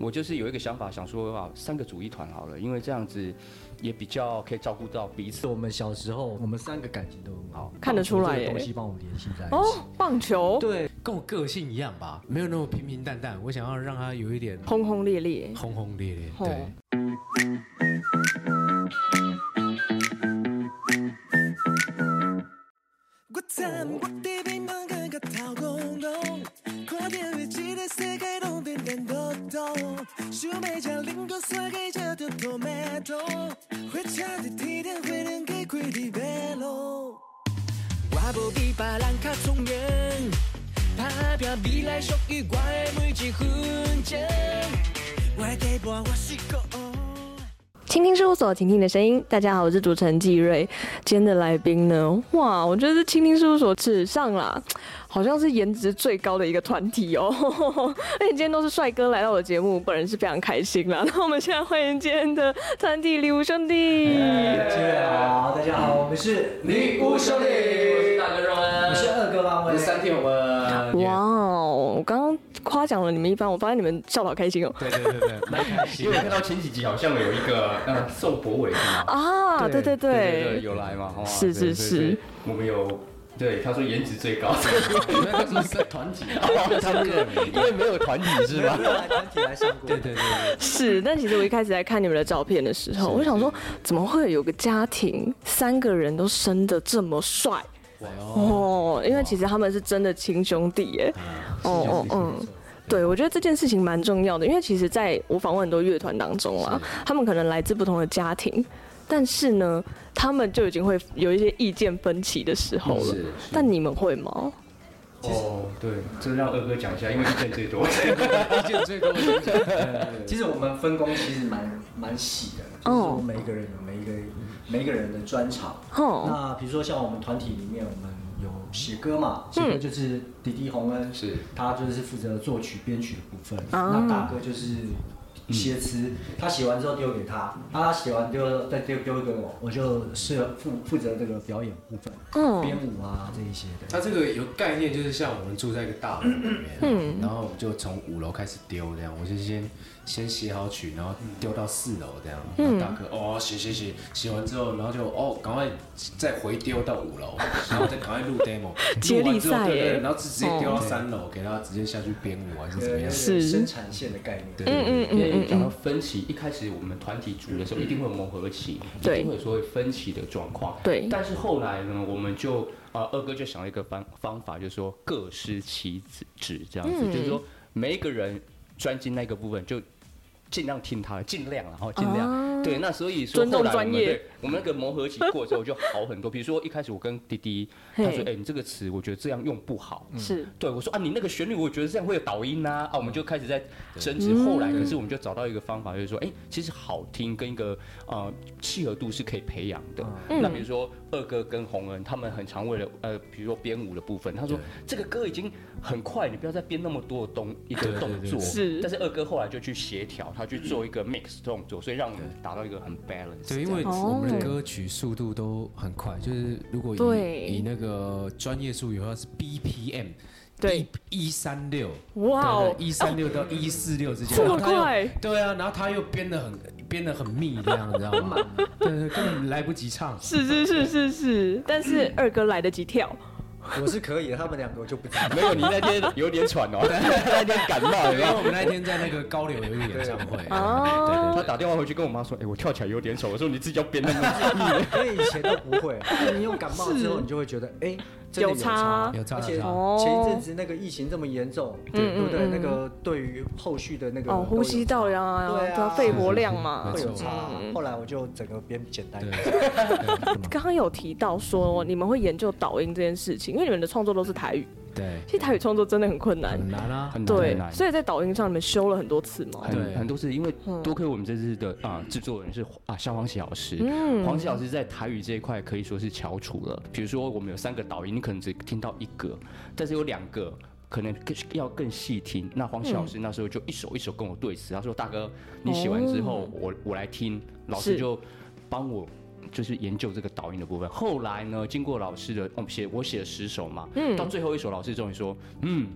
我就是有一個想法，想說啊，三個組一團好了，因為這樣子也比較可以照顧到彼此。我們小時候，我們三個感情都很好，看得出來。棒球這個東西幫我們聯繫在一起。哦，棒球。對，跟我個性一樣吧，沒有那麼平平淡淡。我想要讓他有一點轟轟烈烈，轟轟烈烈。對。哦青聽事務所，傾聽你的聲音。大家好，我是主持人紀瑞。今天的來賓呢？哇，我覺得是青聽事務所史上啦。好像是顏值最高的一個團體哦，而且今天都是帥哥來到我的節目，本人是非常開心啦。那我們現在歡迎今天的團體，李吳兄弟。欸，大家好，大家好，嗯、我們是李吳兄弟，我是大哥壯文，嗯、我是二哥文，我是三弟，我們、嗯、Yeah. 哇，我剛剛誇獎了你們一番，我發現你們笑得好開心哦。對對對對，蠻開心，因為看到前幾集好像有一個呃宋博偉嗎？啊，對對對，有來嘛，是是是，我們有。對，他說顏值最高，沒有說團體，他因為沒有團體是吧？沒有團體來上過，對對對，是。但其實我一開始在看你們的照片的時候，我想說，怎麼會有個家庭三個人都生得這麼帥？哦，因為其實他們是真的親兄弟耶。哦哦嗯，對，我覺得這件事情蠻重要的，因為其實在我訪問很多樂團當中啊，他們可能來自不同的家庭。但是呢，他們就已經會有一些意見分歧的時候了。但你們會嗎？哦，對，就讓二哥講一下，因為意見最多。意見最多。其實我們分工其實蠻蠻細的，就是說每一個人有每一個每一個人的專長。那比如說像我們團體裡面，我們有寫歌嘛，寫的就是弟弟洪恩，是，他就是負責作曲編曲的部分，那大哥就是。寫詞，他寫完之後丟給他，他寫完丟再丟丟給我，我就負責負負責這個表演部分，嗯，編舞啊這一些的。他，嗯，這個有概念，就是像我們住在一個大樓裡面，嗯，然後就從五樓開始丟這樣，我就先。先寫好曲，然後丟到四樓這樣。大哥，哦，寫寫寫，寫完之後，然後就哦，趕快再回丟到五樓，然後再趕快錄 demo，接力賽，對，然後直接丟到三樓，給他直接下去編舞還是怎麼樣？是生產線的概念。對對對對，講到分歧，一開始我們團體組的時候一定會磨合期，一定會有所謂分歧的狀況。對。但是後來呢，我們就啊，二哥就想一個方方法，就是說各司其職，這樣子，就是說每一個人。專精那個部分，就儘量聽他，儘量了哈，儘量。哦、對，那所以說後來我們對。我們那個磨合期過之後就好很多。比如說一開始我跟滴滴他說：“哎，你這個詞我覺得這樣用不好。”是，對我說：“啊，你那個旋律我覺得這樣會有倒音吶。”啊，我們就開始在爭執。後來可是我們就找到一個方法，就是說：“哎，其實好聽跟一個呃契合度是可以培養的。”那比如說二哥跟洪恩他們很常為了呃，比如說編舞的部分，他說：“這個歌已經很快，你不要再編那麼多的動一個動作。”是。但是二哥後來就去協調，他去做一個 mix 動作，所以讓我們達到一個很 balance。對，因為。對歌曲速度都很快，就是如果你你對那個專業術語的話是 BPM，對，一三六，哇、e Wow，一三六到一四六之間，這麼快？對啊，然後他又編得很編得很密，這樣，你知道嗎？對 對，根本來不及唱。是是是是是，但是二哥來得及跳。 我是可以的，他們兩個我就不知道。 沒有，你那天有點喘哦，啊，對 那天感冒有沒有，然後我們那天在那個高流音樂演唱會 對，對，對，對，對對，他打電話回去跟我媽說，哎，欸，我跳起來有點醜，我說你自己要編那個。 所以以前都不會，但是， 啊、你有感冒之後，你就會覺得哎。是欸有差，而且前一陣子那個疫情這麼嚴重，對不對？那個對於後續的那個哦，呼吸道呀，啊，肺活量嘛，會有差。後來我就整個變簡單一點。剛剛有提到說，你們會研究抖音這件事情，因為你們的創作都是台語。對，其實台語創作真的很困難，很難啊，對很，難很難。對，所以在導音上，你們修了很多次嘛。很對，很多次，因為多虧我們這次的啊、嗯呃，制作人是啊，蕭煌奇老師。嗯、煌奇老師在台語這一塊可以說是翹楚了。比如說，我們有三個導音，你可能只聽到一個，但是有兩個可能更要更細聽。那煌奇老師那時候就一首一首跟我對詞，他，嗯、說：“大哥，你寫完之後我，哦、我我來聽。”老師就幫我。就是研究這個導音的部分。後來呢，經過老師的、哦、寫，我寫了十首嘛，嗯、到最後一首，老師終於說：“嗯，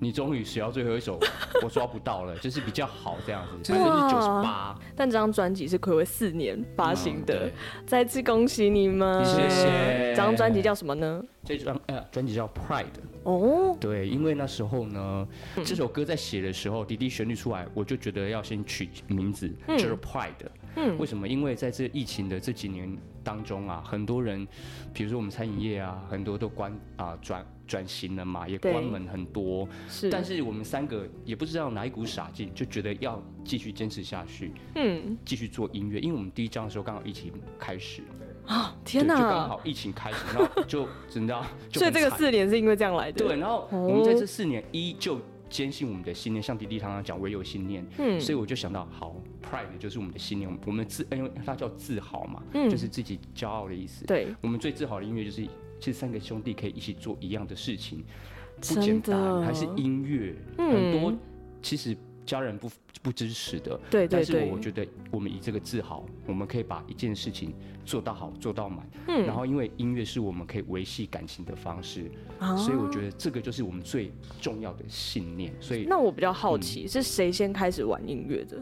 你終於寫到最後一首， 我抓不到了，就是比較好這樣子。哇”就是九十八。但這張專輯是睽違四年發行的，嗯、再次恭喜你們！謝謝。欸、這張專輯叫什麼呢？這張專，、呃、專輯叫《Pride》。哦。對，因為那時候呢，這首歌在寫的時候，嗯、第一旋律出來，我就覺得要先取名字、嗯、叫《Pride》。嗯，為什麼？因為在這疫情的這幾年當中啊，很多人，比如說我們餐飲業啊，很多都關啊轉轉型了嘛，也關門很多。是，但是我們三個也不知道哪一股傻勁，就覺得要繼續堅持下去。嗯，繼續做音樂，因為我們第一張的時候剛好疫情開始。啊、哦、天哪！就剛好疫情開始，然後就真的 就。所以這個四年是因為這樣來的。對，然後我們在這四年依舊堅信我們的信念，像迪迪常常講，唯有信念。嗯，所以我就想到，好，Pride 就是我們的信念，我們自因為他叫自豪嘛，嗯、就是自己驕傲的意思。對，我們最自豪的音樂就是其實三個兄弟可以一起做一樣的事情，不簡單，真的，還是音樂，嗯、很多其實。家人不不支持的，對對對。但是我，我覺得我們以這個自豪，我們可以把一件事情做到好，做到滿。嗯，然後因為音樂是我們可以維繫感情的方式，啊、所以我覺得這個就是我們最重要的信念。所以，那我比較好奇，嗯、是誰先開始玩音樂的，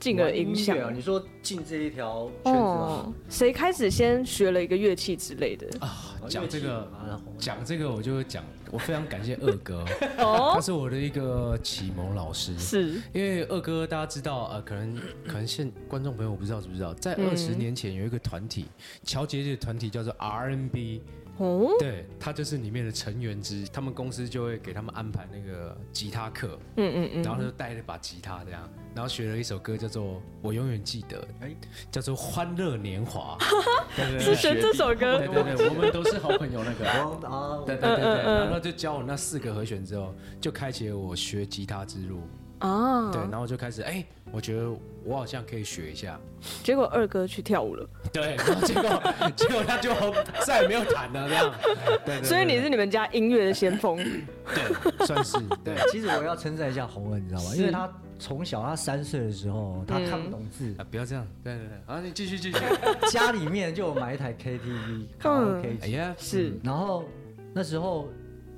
進而影響啊？你說進這一條圈子，哦，誰開始先學了一個樂器之類的啊？講這個，啊、講這個，我就會講。我非常感謝二哥， 哦？他是我的一個啟蒙老師。是因為二哥，大家知道，呃，可能可能現觀眾朋友我不知道知不知道，在二十年前有一個團體，喬杰這個團體叫做 RNB。哦，oh? 對他就是裡面的成員之一，他們公司就會給他們安排那個吉他課，嗯，嗯嗯嗯，然後他就帶了把吉他這樣，然後學了一首歌叫做《我永遠記得》，哎，叫做《歡樂年華》，是 對，對，對，是這首歌，對對對，我們都是好朋友那個，對 對對對， 然後就教我那四個和弦之後，就開啟了我學吉他之路。哦，oh. 對，然後就開始，哎、欸，我覺得我好像可以學一下。結果二哥去跳舞了。對，然後結果， 結果他就再也沒有彈了，這樣。對，對，對，對，所以你是你們家音樂的先鋒。 對，算是。對， 其實我要稱讚一下宏恩，你知道嗎？是因為他從小，他三歲的時候，他看不懂字。嗯、啊，不要這樣。對對對。啊，你繼續繼續。 家裡面就有買一台 KTV，嗯、是然後 KTV 是。然後那時候。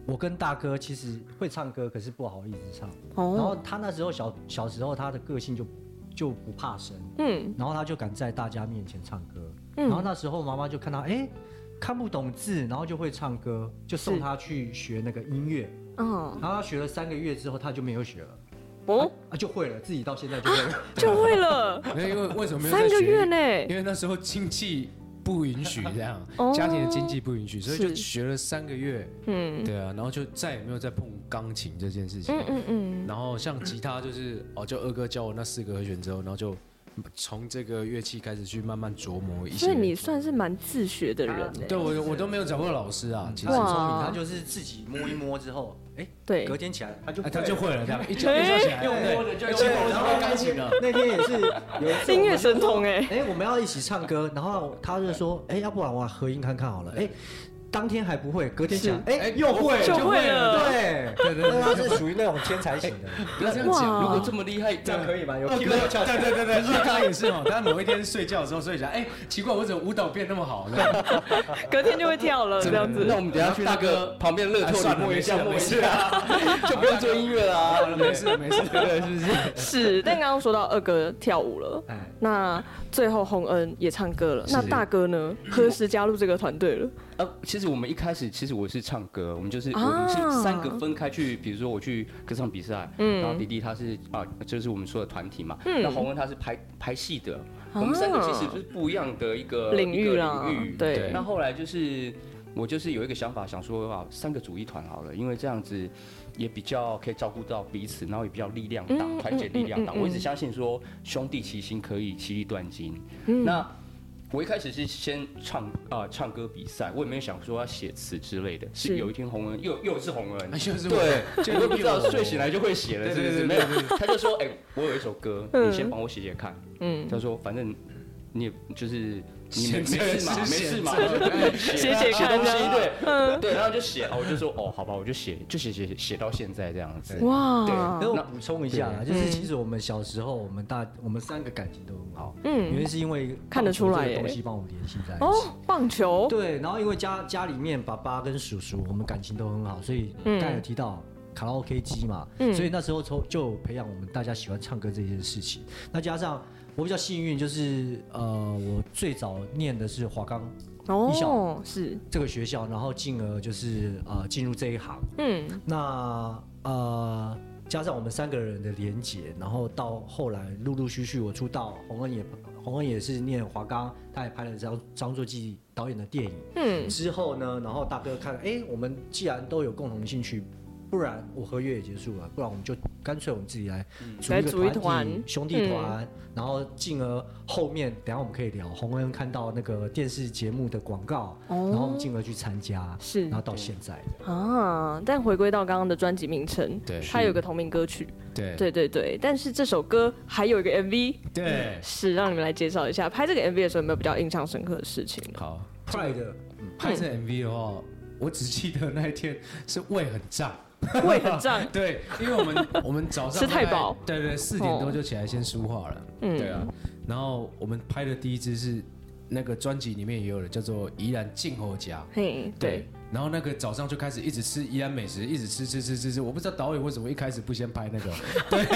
我跟大哥其實會唱歌，可是不好意思唱。Oh. 然後他那時候小小時候，他的個性就就不怕生。嗯。然後他就敢在大家面前唱歌。嗯。然後那時候媽媽就看他，哎、欸，看不懂字，然後就會唱歌，就送他去學那個音樂。嗯是。然後他學了三個月之後，他就沒有學了。哦、oh. 啊。就會了，自己到現在就會。 就會了。 因為為什麼沒有在學？三個月呢？因為那時候親戚。不允許這樣，家庭的經濟不允許，所以就學了三個月，對啊，然後就再也沒有再碰鋼琴這件事情。嗯嗯，然後像吉他，就是哦，就二哥教我那四個和弦之後，然後就。從這個樂器開始去慢慢琢磨一下。所以你算是蠻自學的人。對，我我都沒有找過老師啊。其實聰明，他就是自己摸一摸之後，哎，對，隔天起來他就他就會了，這樣一敲一起來，又摸着就，然後會鋼琴了。那天也是有音樂神童哎哎，我們要一起唱歌，然後他就說哎，要不然我合音看看好了哎。當天還不會，隔天想，哎又會就會了，對，對對，他是屬於那種天才型的。不要這樣講，如果這麼厲害，這樣可以嗎？有沒有跳？對對對對，二哥也是哦，他某一天睡覺的時候，所以想，哎，奇怪，我怎麼舞蹈變那麼好呢？隔天就會跳了，這樣子。那我們等下去大哥旁邊樂透，摸一下摸一下，就不用做音樂啦，沒事沒事，對，是不是？是。但剛剛說到二哥跳舞了，那最後洪恩也唱歌了，那大哥呢？何時加入這個團隊了？其實我們一開始，其實我是唱歌，我們就是我們是三個分開去，比如說我去歌唱比賽，然後弟弟他是啊，就是我們說的團體嘛，那洪文他是拍拍戲的，我們三個其實是不一樣的一個領域領域，對。那後來就是我就是有一個想法，想說啊，三個組一團好了，因為這樣子也比較可以照顧到彼此，然後也比較力量大，團結力量大。我一直相信說兄弟齊心，可以其利斷金。那我一開始是先唱啊、呃，唱歌比賽，我也沒有想說要寫詞之類的。是有一天紅人是又又是紅人，對、哎，就是不知對睡醒來就會寫了，是不是？沒有，他就說，哎、欸，我有一首歌， 你先幫我寫寫看。嗯，他說，反正你也就是。你們沒事嘛？沒事嘛？寫寫東西，對，對，然後就寫，我就說，哦，好吧，我就寫，就寫寫寫，到現在這樣子。哇，對，那我補充一下，就是其實我們小時候，我們大，我們三個感情都很好，嗯，原因是因為看得出來，這個東西幫我們聯繫在一起。棒球。對，然後因為家家裡面爸爸跟叔叔，我們感情都很好，所以大家有提到卡拉 OK 機嘛，所以那時候從就培養我們大家喜歡唱歌這件事情，那加上。我比較幸運，就是呃，我最早念的是華岡藝校，哦、oh，是這個學校，然後進而就是呃，進入這一行，嗯，那呃，加上我們三個人的連結，然後到後來陸陸續續我出道，洪恩也洪恩也是念華岡，他也拍了張張作驥導演的電影，嗯，之後呢，然後大哥看，哎、欸，我們既然都有共同興趣。不然我合約也結束了，不然我們就乾脆我們自己來組一個團體兄弟團，然後進而後面等下我們可以聊洪恩看到那個電視節目的廣告，然後進而去參加，是，然後到現在啊。但回歸到剛剛的專輯名稱，對，它有個同名歌曲，對，對對對。但是這首歌還有一個 MV，對，是讓你們來介紹一下。拍這個 MV 的時候有沒有比較印象深刻的事情？好，拍的拍這 MV 的話，我只記得那一天是胃很脹。 胃很脹 帥， 對，因為我們 我們早上吃太飽，對，對對，四點多就起來先梳化了，哦、對啊，然後我們拍的第一支是那個專輯裡面也有的，叫做《宜蘭靜候家》，嘿，對。對然後那個早上就開始一直吃宜蘭美食，一直吃吃吃吃吃，我不知道導演為什麼一開始不先拍那個。 對，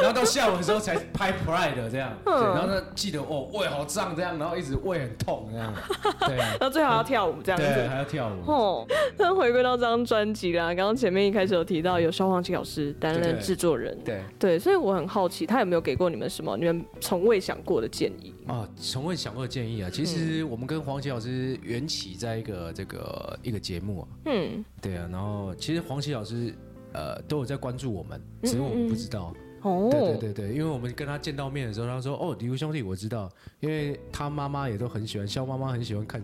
然後到下午的時候才拍 Pride 的這樣，嗯、是然後他記得哦，胃好脹這樣，然後一直胃很痛這樣，對， 那最好要跳舞、嗯、這樣子，對還要跳舞，哦，那回歸到這張專輯啦，剛剛前面一開始有提到有蕭煌奇老師擔任製作人，對對，對，對，所以我很好奇他有沒有給過你們什麼你們從未想過的建議啊，從未想過的建議啊，其實我們跟煌奇老師緣起在一個、嗯、這個一個節。節目啊，嗯，對啊，然後其實黃琦老師，呃，都有在關注我們，只是我們不知道。哦、嗯嗯，對對對對，因為我們跟他見到面的時候，他說：“哦，李吳兄弟，我知道，因為他媽媽也都很喜歡，肖媽媽很喜歡看。”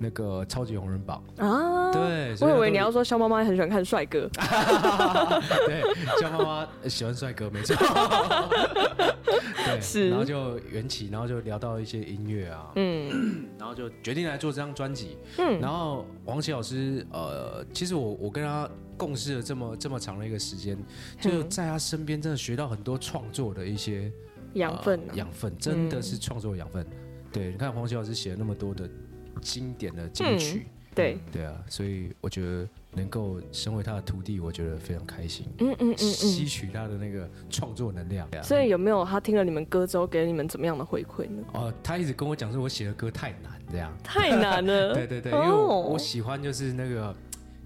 那個超級紅人榜啊，對，我以為你要說肖媽媽很喜歡看帥哥，對，肖媽媽喜歡帥哥沒錯，對，是，然後就緣起，然後就聊到一些音樂啊，嗯，然後就決定來做這張專輯，嗯，然後黃奇老師，呃，其實我我跟他共事了這麼這麼長的一個時間，就在他身邊真的學到很多創作的一些養分，養分真的是創作的養分，對，你看黃奇老師寫了那麼多的經典的金曲，嗯、對對啊，所以我覺得能夠成為他的徒弟，我覺得非常開心。嗯嗯嗯嗯，嗯嗯嗯吸取他的那個創作能量。啊、所以有沒有他聽了你們歌之後給你們怎麼樣的回饋呢？哦、呃，他一直跟我講說，我寫的歌太難，這樣太難了。 對對對，oh. 因為我，我喜歡就是那個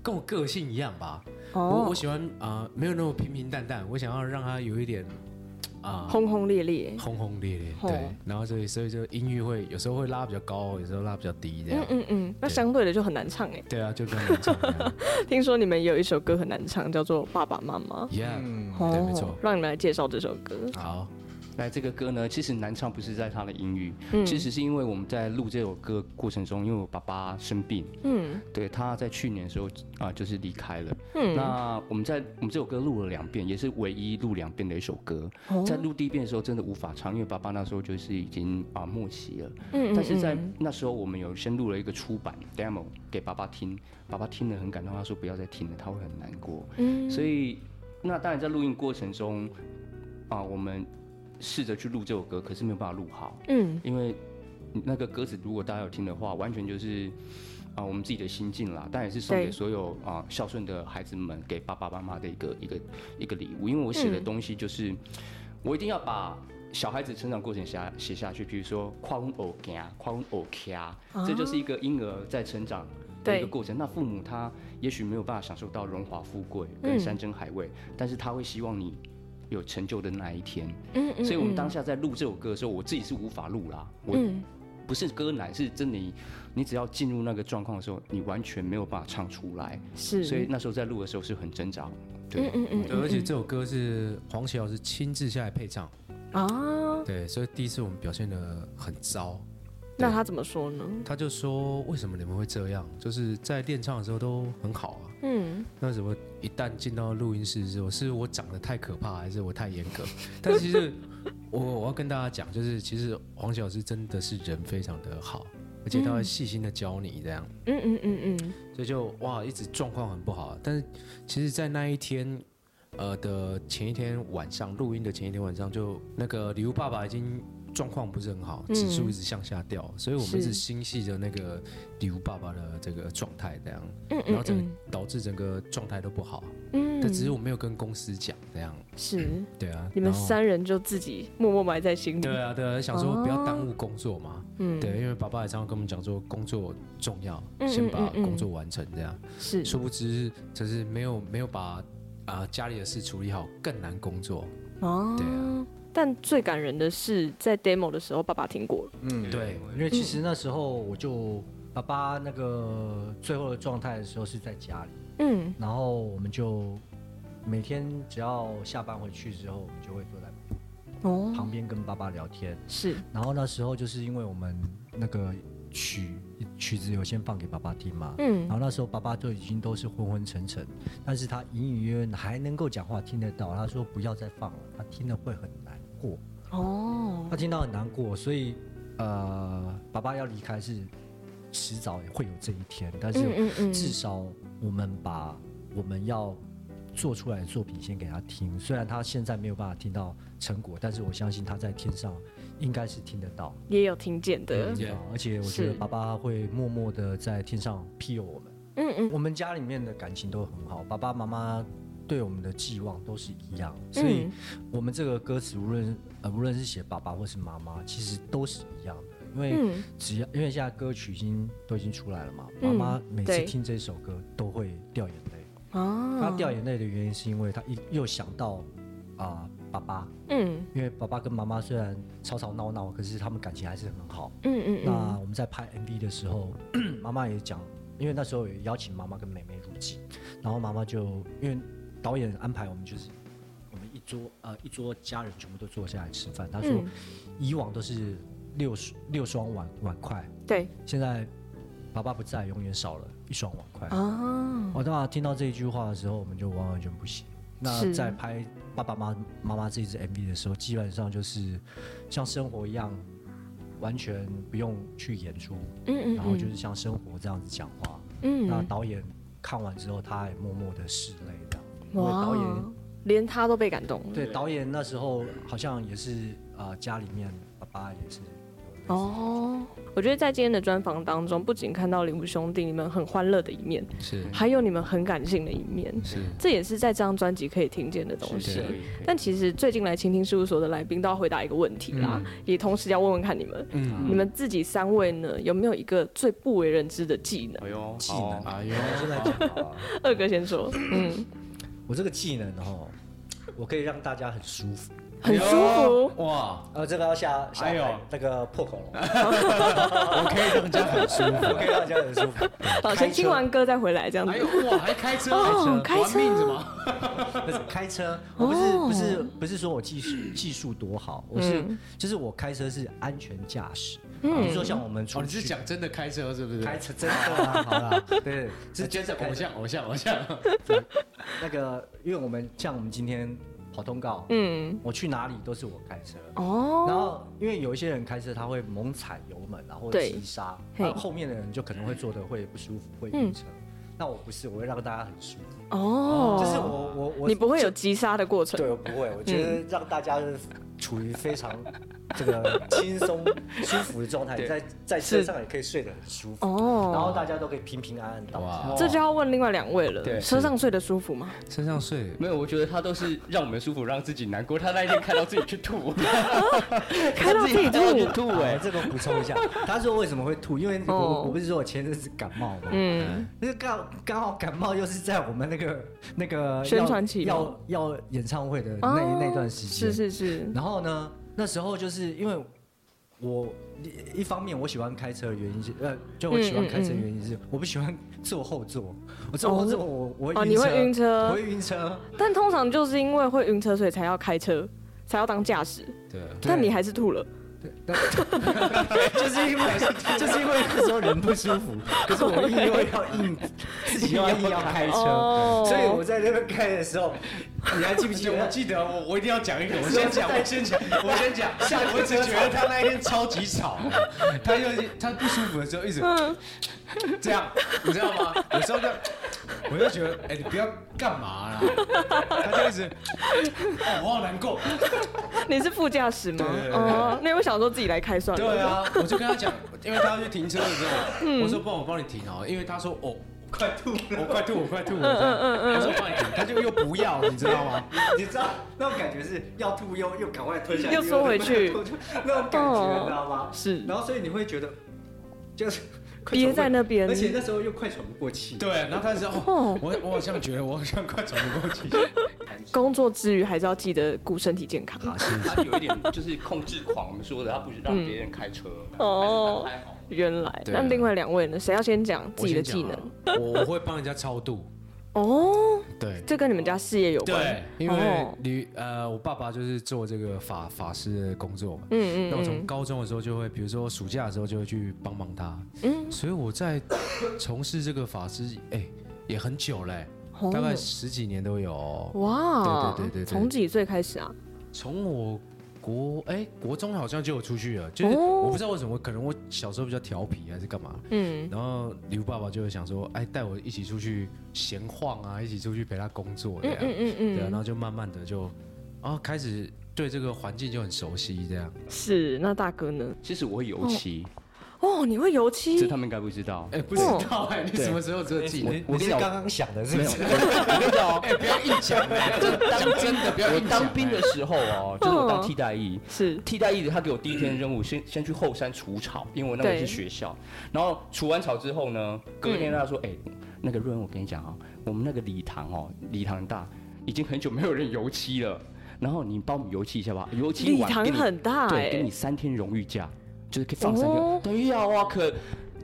跟我個性一樣吧。哦、oh.，我喜歡啊、呃，沒有那麼平平淡淡，我想要讓他有一點。啊，轟轟烈烈，嗯、轟轟烈烈，對，哦、然後所以所以就音域會有時候會拉比較高，有時候拉比較低的，這樣嗯嗯嗯，對那相對的就很難唱哎、欸，對啊，就很難唱。 聽說你們有一首歌很難唱，叫做《爸爸媽媽》，對，沒錯，讓你們來介紹這首歌，好。那這個歌呢，其實難唱不是在他的音域，嗯、其實是因為我們在錄這首歌的過程中，因為我爸爸生病，嗯，對，他在去年的時候啊，就是離開了，嗯，那我們在我們這首歌錄了兩遍，也是唯一錄兩遍的一首歌，哦、在錄第一遍的時候真的無法唱，因為爸爸那時候就是已經啊末期了，嗯，但是在那時候我們有先錄了一個初版 demo、嗯、給爸爸聽，爸爸聽了很感動，他說不要再聽了，他會很難過，嗯，所以那當然在錄音過程中啊，我們。試着去錄這首歌，可是沒有辦法錄好。嗯，因為那個歌詞，如果大家有聽的話，完全就是啊、呃，我們自己的心境啦。但也是送給所有啊對、呃、孝順的孩子們，給爸爸媽媽的一個一個一個禮物。因為我寫的東西就是，嗯、我一定要把小孩子成長過程寫下寫下去。比如說，誇我寬耳誇我耳夾，啊、這就是一個嬰兒在成長的一個過程。對那父母他也許沒有辦法享受到榮華富貴跟山珍海味，嗯、但是他會希望你。有成就的那一天，嗯，嗯嗯，所以我們當下在錄這首歌的時候，我自己是無法錄啦，我。不是歌難，是真的你，你只要進入那個狀況的時候，你完全沒有辦法唱出來，是，所以那時候在錄的時候是很掙扎，對，嗯嗯，嗯對，而且這首歌是黃奇老師親自下來配唱，啊，對，所以第一次我們表現得很糟，那他怎麼說呢？他就說，為什麼你們會這樣？就是在練唱的時候都很好啊。嗯，那怎麼，一旦進到錄音室之後，是,是我長得太可怕，還是我太嚴格？但其實 我我要跟大家講，就是其實黃小師真的是人非常的好，而且他會細心的教你這樣。嗯,嗯嗯嗯嗯。所以就哇，一直狀況很不好。但是其實，在那一天，呃的前一天晚上，錄音的前一天晚上就，就那個李吳爸爸已經。狀況不是很好，指數一直向下掉，嗯、所以我們一直心繫着那個李吳爸爸的這個狀態這樣，是然後這個導致整個狀態都不好。嗯，但只是我沒有跟公司講這樣，是、嗯，對啊，你們三人就自己默默埋在心裡。對啊，對啊，想說不要耽誤工作嘛。嗯、啊，對、啊，因為爸爸也常常跟我們講說工作重要，嗯、先把工作完成這樣。嗯嗯嗯嗯、是，殊不知就是沒有沒有把啊、呃、家裡的事處理好，更難工作。哦、啊，對啊。但最感人的是，在 demo 的時候，爸爸聽過了。嗯，對，因為其實那時候我就、嗯、爸爸那個最後的狀態的時候是在家裡。嗯，然後我們就每天只要下班回去之後，我們就會坐在哦旁邊跟爸爸聊天。哦、是，然後那時候就是因為我們那個曲曲子有先放給爸爸聽嘛。嗯，然後那時候爸爸就已經都是昏昏沉沉，但是他隱隱約約還能夠講話，聽得到。他說：“不要再放了，他聽了會很”過哦，他聽到很難過，所以呃，爸爸要離開是遲早也會有這一天，但是至少我們把我們要做出來的作品先給他聽，雖然他現在沒有辦法聽到成果，但是我相信他在天上應該是聽得到，也有聽見的，嗯、對是而且我覺得爸爸會默默的在天上庇佑我們。嗯嗯，我們家裡面的感情都很好，爸爸媽媽。對我們的寄望，都是一樣，嗯、所以我們這個歌詞無論呃無論是寫爸爸或是媽媽，其實都是一樣，因為只要、嗯、因為現在歌曲已經都已經出來了嘛，媽媽每次聽這首歌都會掉眼淚，她、嗯、掉眼淚的原因是因為她一又想到啊、呃、爸爸，嗯，因為爸爸跟媽媽雖然吵吵鬧鬧，可是他們感情還是很好，嗯嗯，嗯嗯，那我們在拍 MV 的時候，媽媽也講，因為那時候也邀請媽媽跟妹妹入鏡，然後媽媽就因為。導演安排我們就是，我們一桌呃一桌家人全部都坐下來吃飯。他說，嗯、以往都是六六雙碗碗筷，對，現在爸爸不在，永遠少了一雙碗筷。哦，我當時聽到這一句話的時候，我們就完完全不行。那在拍爸爸媽媽媽這一支 MV 的時候，基本上就是像生活一樣，完全不用去演出，嗯，嗯嗯，然後就是像生活這樣子講話。嗯，嗯，那導演看完之後，他還默默的拭了，導演連他都被感動了。對，導演那時候好像也是呃，家裡面爸爸也是。哦，我覺得在今天的專訪當中，不僅看到《李吳兄弟》你們很歡樂的一面，是，還有你們很感性的一面，是，這也是在這張專輯可以聽見的東西。但其實最近來青聽事務所的來賓都要回答一個問題啦，也同時要問問看你們，你們自己三位呢，有沒有一個最不為人知的技能？哎呦，技能啊！原來是在講。二哥先說，嗯。我這個技能哦，我可以讓大家很舒服。很舒服哇！呃，這個蝦還有那個破恐龍，我可以讓大家很舒服，可以讓大家很舒服。先聽完歌再回來這樣子。還有哇，還開車開車玩命什麼？開車，我不是不是不是說我技術技術多好，我是就是我開車是安全駕駛，比如說像我們出去。你是講真的開車是不是？開車真的啊，好啦，對，是真的。偶像偶像偶像，對，那個因為我們像我們今天。跑通告，嗯，我去哪裡都是我開車哦。然後，因為有一些人開車，他會猛踩油門，然後急剎，那對後，後面的人就可能會坐的會不舒服，嘿會暈車。那、嗯、我不是，我會讓大家很舒服。哦，哦，就是我我我，我你不會有急剎的過程，對，我不會。我覺得讓大家是處於非常、嗯。 這個輕鬆、舒服的狀態，在在車上也可以睡得很舒服哦。然後大家都可以平平安安的。哇，這就要問另外兩位了。對，車上睡得舒服嗎？車上睡沒有？我覺得他都是讓我們舒服，讓自己難過。他那一天看到自己去吐，看到自己去吐哎，這個補充一下。他說為什麼會吐？因為我我不是說我前陣子感冒嗎？嗯，那個剛剛好感冒又是在我們那個那個宣傳期要要演唱會的那那段時間。是是是。然後呢？那時候就是因為我一方面我喜歡開車的原因是呃，就我喜歡開車原因是，嗯嗯嗯、我不喜歡坐後座，我坐後座我哦我會。哦你會暈車？我會暈車，但通常就是因為會暈車所以才要開車，才要當駕駛。對，但你還是吐了。對，就是因為就是因為那時候人不舒服，可是我硬要硬 Okay. 自己要硬要開車，開車 oh. 所以我在那邊開的時候。你還記不記得？我記得，我我一定要講一個。我先講，我先講，我先講。下，我一直覺得他那一天超級吵，他就他不舒服的時候一直這樣，你知道嗎？有時候就我就覺得，哎，你不要幹嘛啦，他就一直、哦，我好難過。你是副駕駛嗎？哦，那我想說自己來開算了。對啊，我就跟他講，因為他要去停車的時候，我說不然幫你停哦，因為他說哦。快吐我快吐，我快吐，我快吐。他說報警，他就又不要，你知道嗎？你知道那種感覺是要吐又又趕快吞下去，又收回去，那種感覺，你知道嗎？是。然後所以你會覺得就是憋在那邊，而且那時候又快喘不過氣。對，然後他就說哦，我我好像覺得我好像快喘不過氣。工作之餘還是要記得顧身體健康。他他有一點就是控制狂，說的他不讓別人開車哦。原來，那另外兩位呢？誰要先講自己的技能？我我會幫人家超度。哦，對，這跟你們家事業有關。對，因為你呃，我爸爸就是做這個法法師的工作嘛。嗯嗯。那我從高中的時候就會，比如說暑假的時候就會去幫幫他。嗯。所以我在從事這個法師，哎，也很久嘞，大概十幾年都有。哇！對對對對，從幾歲開始啊？從我。國哎、欸，國中好像就有出去了，就是我不知道為什麼，哦、可能我小時候比較調皮還是幹嘛，嗯，然後劉爸爸就會想說，哎、欸，帶我一起出去閒晃啊，一起出去陪他工作這樣，嗯嗯，嗯，嗯對、啊、然後就慢慢的就，然、啊、後開始對這個環境就很熟悉這樣。是，那大哥呢？其實我會油漆。哦哦，你會油漆？這他們應該不知道。哎，不知道哎，你什麼時候這個技能？我剛剛想的是。我跟你講，哎，不要硬講，講真的，不要硬當兵的時候哦，就是我當替代役。是替代役的，他給我第一天的任務，先先去後山除草，因為我那邊是學校。然後除完草之後呢，隔天他說：“哎，那個潤，我跟你講啊，我們那個禮堂哦，禮堂大，已經很久沒有人油漆了，然後你幫我們油漆一下吧，油漆禮堂很大，對，給你三天榮譽假。”就是可以放三個，不要哇可，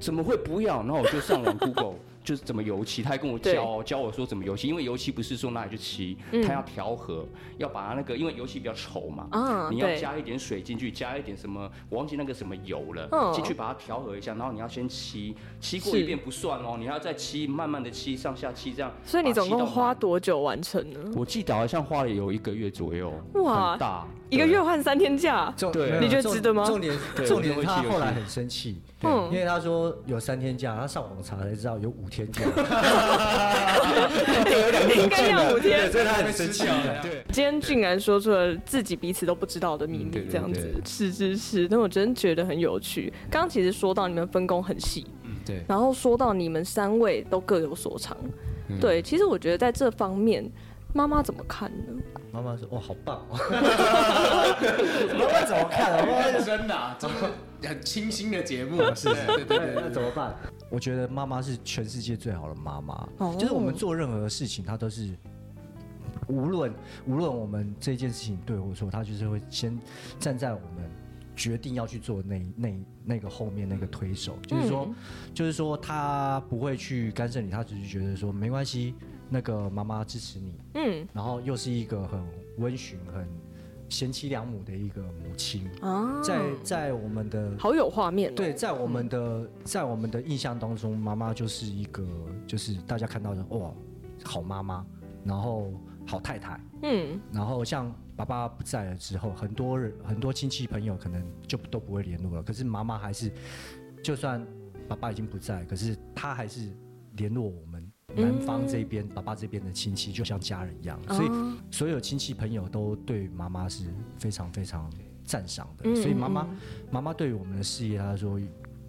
怎麼會不要？然後我就上網 Google。 就是怎麼油漆，他還跟我教教我說怎麼油漆。因為油漆不是說拿來去漆，他要調和，要把那個因為油漆比較稠嘛，你要加一點水進去，加一點什麼，我忘記那個什麼油了，進去把它調和一下，然後你要先漆，漆過一遍不算哦，你要再漆，慢慢的漆，上下漆這樣。所以你總共花多久完成了？我記得好像花了有一個月左右。哇，很大一個月換三天假，你覺得值得嗎？重點重點，他後來很生氣。對嗯，因為他說有三天假，他上網查才知道有五天假，有點明勁的，所以他很生氣啊。對，今天竟然說出了自己彼此都不知道的秘密，這樣子、嗯、對對對是是是，但我真覺得很有趣。剛剛其實說到你們分工很細，嗯、對，然後說到你們三位都各有所長，嗯、對，其實我覺得在這方面。媽媽怎麼看呢？媽媽說：“哇、哦，好棒、哦！” 媽媽怎麼看？媽媽是、哎、真的、啊，怎麼很清新的節目，是、是、對，那怎麼辦？我覺得媽媽是全世界最好的媽媽，哦、就是我們做任何的事情，她都是無論無論我們這件事情對或錯，她就是會先站在我們決定要去做那那那個後面那個推手，嗯、就是說、嗯、就是說她不會去干涉你，她只是覺得說沒關係。那個媽媽支持你，嗯，然後又是一個很溫馴、很賢妻良母的一個母親，啊，在在我們的好有畫面，對，在我們的在我們的印象當中，媽媽就是一個就是大家看到的哇，好媽媽，然後好太太，嗯，然後像爸爸不在了之後，很多人很多親戚朋友可能就都不會聯絡了，可是媽媽還是，就算爸爸已經不在，可是她還是聯絡我們。男方這邊，嗯、爸爸這邊的親戚就像家人一樣，哦、所以所有親戚朋友都對媽媽是非常非常讚賞的。嗯、所以媽媽，嗯、媽媽對於我們的事業，她說，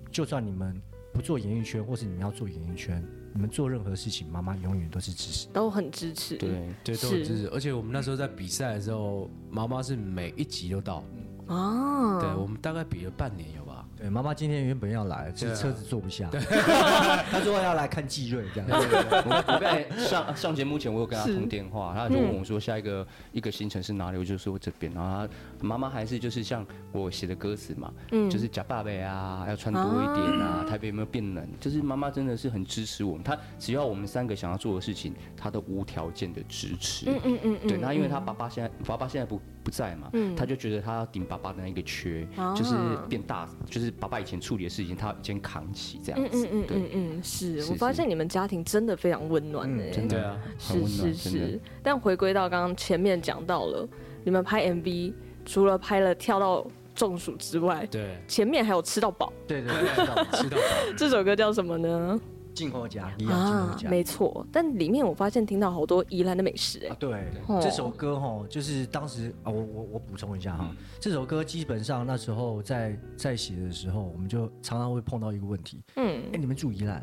就算你們不做演藝圈，或是你們要做演藝圈，你們做任何事情，媽媽永遠都是支持，都很支持。對，對，是都很支持。而且我們那時候在比賽的時候，媽媽是每一集都到。哦，對，我們大概比了半年。對，媽媽、欸、今天原本要來，只是車子坐不下。她、啊、 說要來看紀瑞這樣。我上上節目前，我有跟她通電話，她就問我說下一個、嗯、一個行程是哪裡，我就說這邊。然後媽媽還是就是像我寫的歌詞嘛，嗯、就是假爸爸啊，要穿多一點啊，啊台北有沒有變冷？就是媽媽真的是很支持我們，她只要我們三個想要做的事情，她都無條件的支持。嗯嗯嗯。嗯嗯對他，嗯、那因為她爸爸現在，爸爸現在不。在嘛，嗯、他就覺得他要頂爸爸的那個缺，啊、就是變大，就是爸爸以前處理的事情，他先扛起這樣子。嗯嗯嗯嗯嗯，對是。是是我發現你們家庭真的非常溫暖耶，很溫暖，真的。啊，是是是。但回歸到剛剛前面講到了，你們拍 MV 除了拍了跳到中暑之外，對，前面還有吃到飽。對對對，吃到飽。 這首歌叫什麼呢？進口價，家啊，沒錯，但裡面我發現聽到好多宜蘭的美食哎、欸，啊、對，對哦、這首歌吼、哦，就是當時啊，我我我補充一下哈，嗯、這首歌基本上那時候在在寫的時候，我們就常常會碰到一個問題，嗯，哎，你們住宜蘭，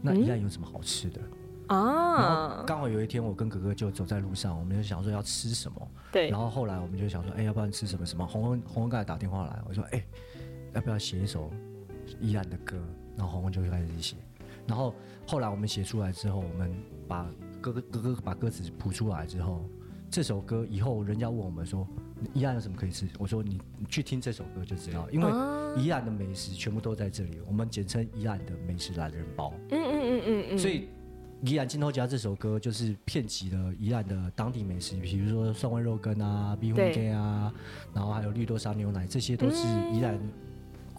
那宜蘭有什麼好吃的啊？嗯、剛好有一天我跟哥哥就走在路上，我們就想說要吃什麼，對，然後後來我們就想說，哎，要不然吃什麼？什麼？洪洪洪剛才打電話來，我說，哎，要不要寫一首宜蘭的歌？然後洪洪就開始寫。然後後來我們寫出來之後，我們把歌歌歌歌把歌詞譜出來之後，這首歌以後人家問我們說，宜蘭有什麼可以吃？我說你，你去聽這首歌就知道，因為宜蘭的美食全部都在這裡，我們簡稱宜蘭的美食懶人包。嗯嗯嗯嗯嗯。嗯嗯嗯嗯，所以宜蘭金好呷這首歌就是遍及了宜蘭的當地美食，比如說蒜味肉羹啊、米粉羹對啊，然後還有綠豆沙牛奶，這些都是宜蘭、嗯。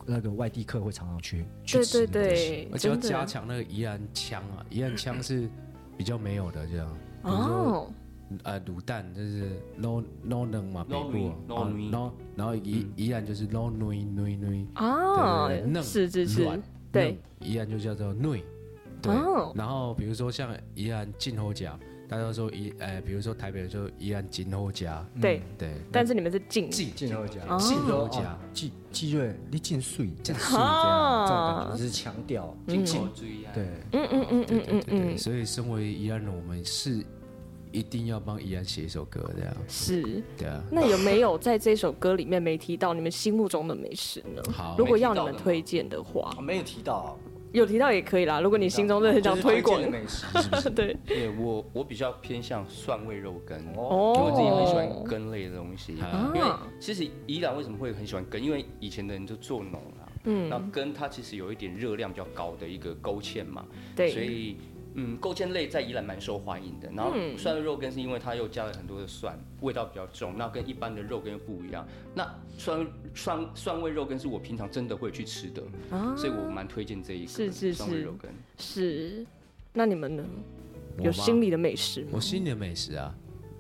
那個外地客會常常去去吃東西。對對對，而且要加強那個宜蘭腔啊，啊宜蘭腔是比較沒有的這樣。哦。呃，滷蛋就是 no no 嫩嘛，no no。白滷，no no。然後宜、嗯、宜蘭就是 no no no，啊。哦，嫩，軟，對。宜蘭就叫做嫩。哦、對。然後比如說像宜蘭進口餃。大家都說宜，呃，比如說台北人說宜蘭金甌家，對對，但是你們是金金甌家，金甌家，金金瑞，你金穗金穗這樣，這種感覺是強調金甌主義啊，對，嗯嗯嗯嗯嗯嗯，所以身為宜蘭人，我們是一定要幫宜蘭寫一首歌的呀，是，對啊，那有沒有在這首歌裡面沒提到你們心目中的美食呢？如果要你們推薦的話，我沒有提到，有提到也可以啦，如果你心中認識這樣推廣美食，是不是？ 對，對，我我比較偏向蒜味肉羹，哦，oh. 我自己很喜歡羹類的東西，oh. 因為其實宜蘭為什麼會很喜歡羹？因為以前的人就做農、啊、嗯，那羹它其實有一點熱量比較高的一個勾芡嘛，對，所以。嗯，勾芡類在宜蘭蠻受歡迎的。然後蒜肉羹是因為它又加了很多的蒜，嗯、味道比較重，那跟一般的肉羹又不一樣。那蒜蒜蒜味肉羹是我平常真的會去吃的，啊、所以我蠻推薦這一款蒜味肉羹。是，那你們呢？我嗎？有心裡的美食嗎？我心裡的美食啊，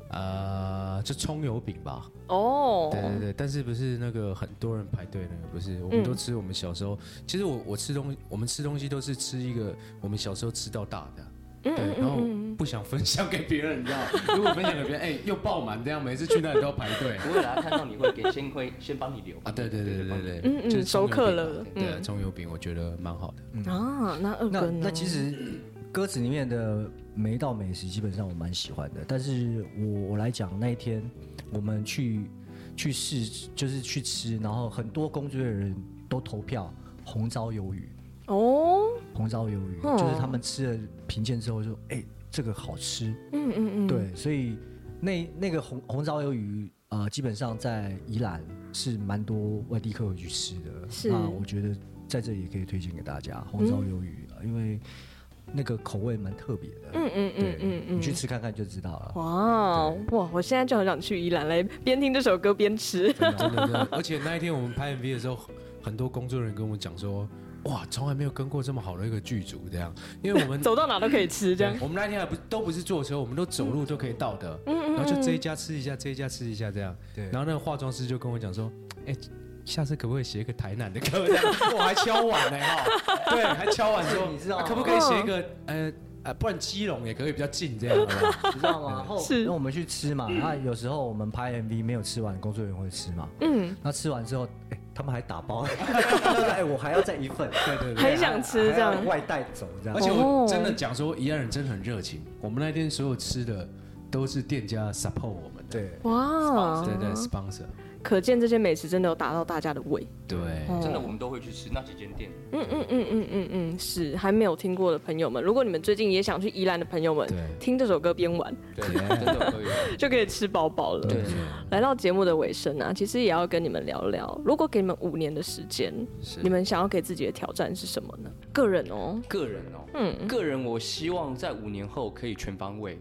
呃、uh，就蔥油餅吧。哦，對對對，但是不是那個很多人排隊呢？不是，我們都吃我們小時候。其實我我吃東西，我們吃東西都是吃一個我們小時候吃到大的，對，然後不想分享給別人，你知道？如果分享給別人，哎，又爆滿這樣，每次去那裡都要排隊。不會來看到你會給先虧先幫你留啊，對對對對對，嗯嗯，熟客了。對，蔥油餅我覺得蠻好的啊。那二哥，那那其實歌詞裡面的。每一道美食基本上我蠻喜歡的，但是我我來講，那一天我們去去試就是去吃，然後很多工作的人都投票紅燒魷魚哦，紅燒魷魚、哦、就是他們吃了評鑑之後就說，哎，這個好吃，嗯嗯嗯，嗯嗯對，所以那那個紅紅燒魷魚啊、呃，基本上在宜蘭是蠻多外地客戶去吃的，是那我覺得在這裡也可以推薦給大家紅燒魷魚，嗯、因為。那個口味蠻特別的，嗯嗯嗯嗯嗯，你去吃看看就知道了。哇對哇，我現在就很想去宜蘭嘞，邊聽這首歌邊吃。真的、啊， 真的、啊。而且那一天我們拍 MV 的時候，很多工作人員跟我講說，哇，從來沒有跟過這麼好的一個劇組這樣，因為我們走到哪都可以吃，這樣、嗯。我們那天還不都不是坐車，我們都走路都可以到的。嗯、然後就這一家吃一下，嗯、這一家吃一下這樣。對、嗯。然後那個化妝師就跟我講說，哎、欸。下次可不可以寫個台南的歌？我還敲碗呢，哈，對，還敲碗說，你知道可不可以寫一個呃呃，不然基隆也可以，比較近這樣，知道嗎？後那我們去吃嘛，那有時候我們拍 MV 沒有吃完，工作人員會吃嘛，嗯，那吃完之後，哎，他們還打包，哎，我還要再一份，對對對，很想吃這樣，外帶走這樣，而且我真的講說，宜蘭人真的很熱情，我們那天所有吃的都是店家 support 我們的，對，哇，對對，sponsor。可見這些美食真的有達到大家的胃。對，真的我們都會去吃那幾間店。嗯嗯嗯嗯嗯嗯，是還沒有聽過的朋友們，如果你們最近也想去宜蘭的朋友們，聽這首歌邊玩，對，真的可以，就可以吃飽飽了。對，來到節目的尾聲呢，其實也要跟你們聊聊，如果給你們五年的時間，你們想要給自己的挑戰是什麼呢？個人哦，個人哦，嗯，個人我希望在五年後可以全方位。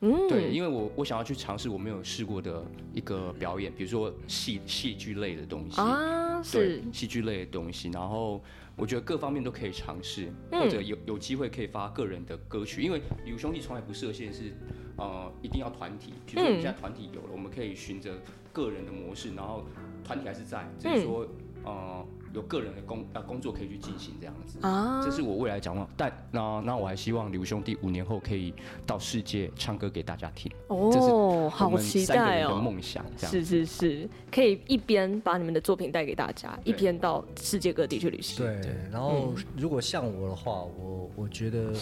嗯、對，因為我我想要去嘗試我沒有試過的一個表演，比如說戲戲劇類的東西啊，對戲劇類的東西。然後我覺得各方面都可以嘗試，嗯、或者有有機會可以發個人的歌曲，因為李吳兄弟從來不設限是，是呃一定要團體。嗯，比如說我們現在團體有了，嗯、我們可以循着個人的模式，然後團體還是在，只是說、嗯、呃。有個人的工啊工作可以去進行這樣子啊，這是我未來展望。但那那我還希望李吳兄弟五年後可以到世界唱歌給大家聽。哦，好期待哦！夢想這樣是是是，可以一邊把你們的作品帶給大家，對一邊到世界各地去旅行。對，對，然後如果像我的話，我我覺得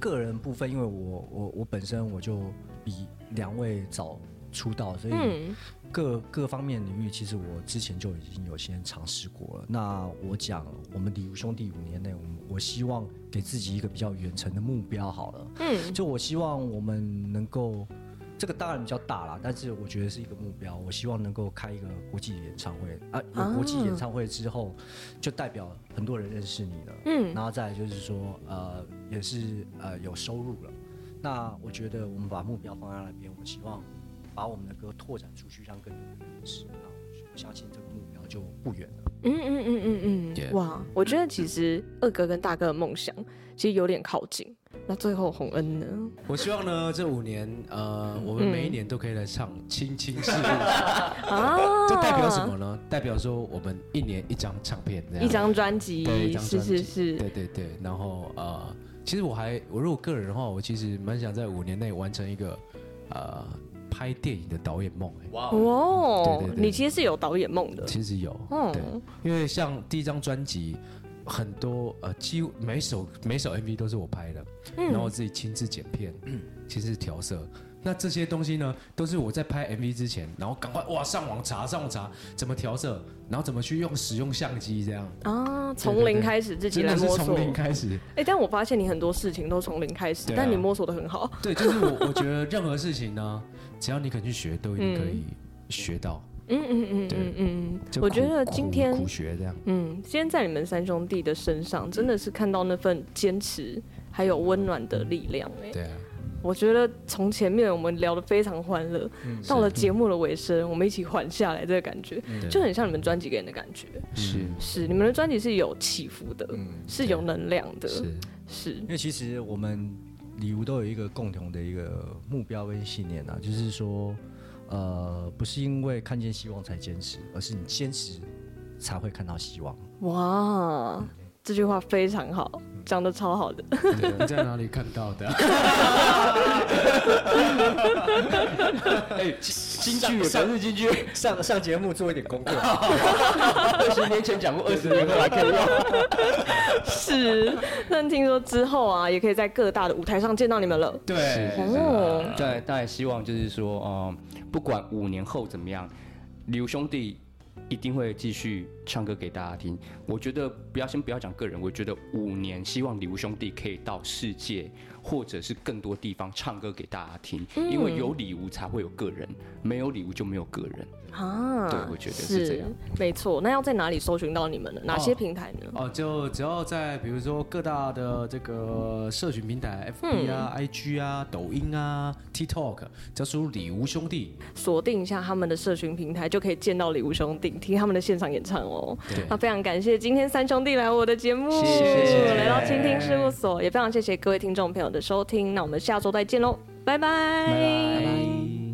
個人部分，因為我我我本身我就比兩位早。出道，所以各各方面領域，其實我之前就已經有先嘗試過了。那我講，我們李吳兄弟五年內，我我希望給自己一個比較遠程的目標好了。嗯，就我希望我們能夠，這個當然比較大啦，但是我覺得是一個目標。我希望能夠開一個國際演唱會、呃、啊，有國際演唱會之後就代表很多人認識你了。嗯，然後再就是說，呃，也是呃有收入了。那我覺得我們把目標放在那邊，我希望。把我們的歌拓展出去，讓更多的人認識。那我相信這個目標就不遠了。嗯嗯嗯嗯嗯。嗯嗯嗯嗯 Yeah. 哇，我覺得其實二哥跟大哥的夢想、嗯、其實有點靠近。那最後洪恩呢？我希望呢，這五年，呃，我們每一年都可以來唱《青聽事務所》啊。這代表什麼呢？代表說我們一年一張唱片，這樣一張專輯，專輯是是是。對對對。然後呃，其實我還，我如果個人的話，我其實蠻想在五年內完成一個，呃。拍電影的導演夢、欸，哇哦！對對對，你其實是有導演夢的。其實有，嗯，因為像第一張專輯，很多呃，幾乎每一首每一首 MV 都是我拍的，嗯、然後我自己親自剪片，嗯、親自調色。那這些東西呢，都是我在拍 MV 之前，然後趕快哇上網查上網查怎麼調色，然後怎麼去用使用相機這樣啊，從零開始自己對對對來摸索，真的是從零開始。哎、欸，但我發現你很多事情都從零開始，啊、但你摸索的很好。對，就是我我覺得任何事情呢， 只要你肯去學，都一定可以學到。嗯,對嗯嗯嗯嗯嗯，苦我覺得今天苦,苦學這樣，嗯，今天在你們三兄弟的身上，真的是看到那份堅持還有溫暖的力量、欸嗯嗯。對啊。我覺得從前面我們聊得非常歡樂，嗯、到了節目的尾聲，嗯、我們一起緩下來，這個感覺對就很像你們專輯給人的感覺。嗯、是是，你們的專輯是有起伏的，嗯、是有能量的。是是，是因為其實我們李吳都有一個共同的一個目標跟信念啊，就是說，呃，不是因為看見希望才堅持，而是你堅持才會看到希望。哇，嗯、這句話非常好。講得超好的，你在哪裡看到的？哎，金句，不是金句，上上節目做一點功課。二十 年前講過，二十年後來看到。 是，那聽說之後啊，也可以在各大的舞台上見到你們了。對，哦，當然，希望就是說，嗯、呃，不管五年後怎麼樣，劉兄弟。一定會繼續唱歌給大家聽。我覺得不要，先不要講個人，我覺得五年希望李吳兄弟可以到世界或者是更多地方唱歌給大家聽，嗯、因為有李吳才會有個人，沒有李吳就沒有個人。啊，對，我覺得是這樣是，沒錯。那要在哪裡搜尋到你們呢？哪些平台呢？哦，哦，就只要在，比如說各大的這個社群平台，FB 啊、嗯、IG 啊、抖音啊、TikTok，再輸入“李吳兄弟”，鎖定一下他們的社群平台，就可以見到李吳兄弟，聽他們的現場演唱哦。對那非常感謝今天三兄弟來我的節目，來到青聽事務所，也非常謝謝各位聽眾朋友的收聽。那我們下周再見嘍，拜拜。拜拜拜拜。